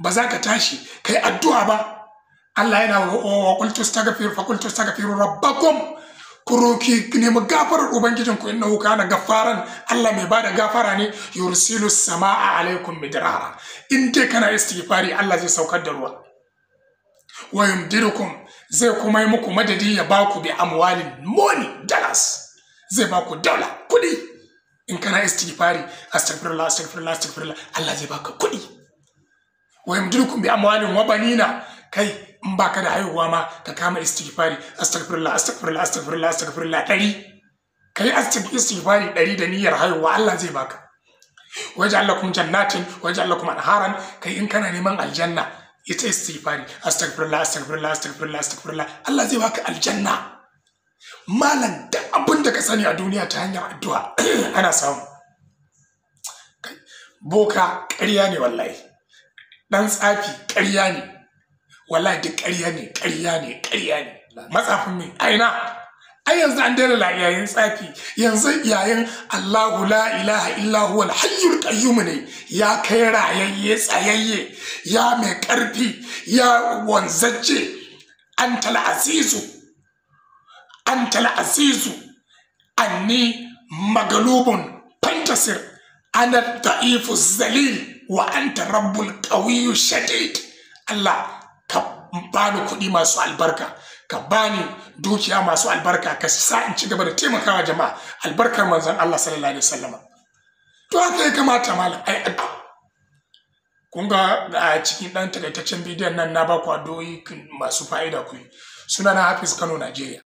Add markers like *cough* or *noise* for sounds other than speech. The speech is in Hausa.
ba za ka tashi kai addu'a ba Allah yana wa qultu astaghfir fa qultu astaghfiru rabbakum ku ne mu gafarar ubangijin ku innahu kana gafaran Allah mai bada gafara ne yursilu samaa alaikum midrara in dai kana istighfari Allah zai saukar da ruwa wa yumdirukum zai kuma yi muku madadi ya baku bi amwalin money dollars zai baku daula kudi in kana istighfari astaghfirullah astaghfirullah astaghfirullah Allah zai baka kudi wa yamdukum bi amwalin wa banina kai in baka da haihuwa ma ka kama istighfari astaghfirullah astaghfirullah astaghfirullah astaghfirullah dari kai istighfari dari da niyyar haihuwa Allah zai baka waje Allah kuma jannatin waje Allah kuma anharan kai in kana neman aljanna ita istighfari astaghfirullah astaghfirullah astaghfirullah astaghfirullah Allah zai baka aljanna malam da abin da ka sani a duniya ta hanyar addu'a *clears throat* ana samu boka ƙarya ne wallahi ɗan tsafi ƙarya ne wallahi duk ƙarya ne ƙarya ne ƙarya ne matsafin mai aina ai yanzu an daina yayin tsafi yanzu yayin Allahu la ilaha illa huwa al-hayyul qayyum ne ya kai rayayye tsayayye ya mai karfi ya wanzacce antal azizu antal azizu anni magalubun fantasir ana da'ifu zalil wa anta rabbul qawiyyu shadid Allah ka bani kuɗi masu albarka ka bani dukiya masu albarka ka sa in ci gaba da taimakawa jama'a albarkar manzon Allah sallallahu alaihi wasallam to haka ya kamata malam ai kun ga a cikin ɗan takaitaccen bidiyon nan na ba ku addu'o'i masu fa'ida ku sunana na Hafiz Kano Najeriya